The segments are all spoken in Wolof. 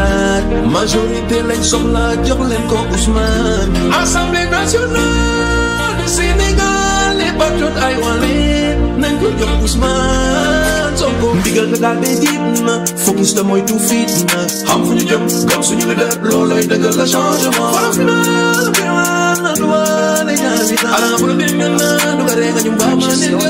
Dakar majorité lañ soxla jox leen ko Assemblée nationale du Sénégal les patriotes ay wane nañ ko jox Ousmane Sonko ndigal nga daal day jiit na focus te moytu fit la changement final nga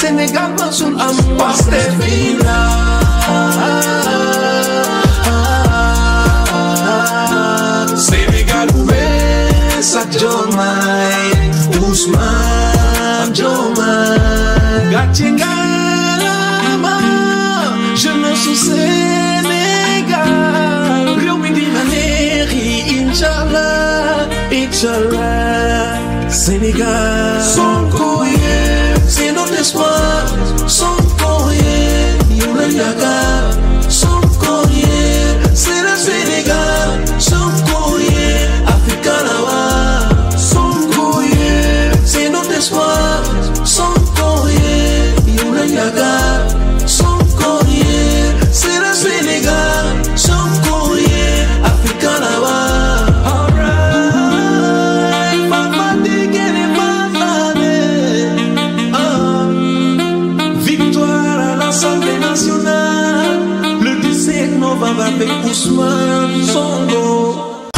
Sénégal ma, Mansour am Pastef Sénégal ouvert sa jomai, Diomaye Ousmane Diomaye gàcce je jeunesse sou Sénégal réew mi dina neexi inchallah inchallah Sénégal Sonko Nova Bape Ousmane Sonko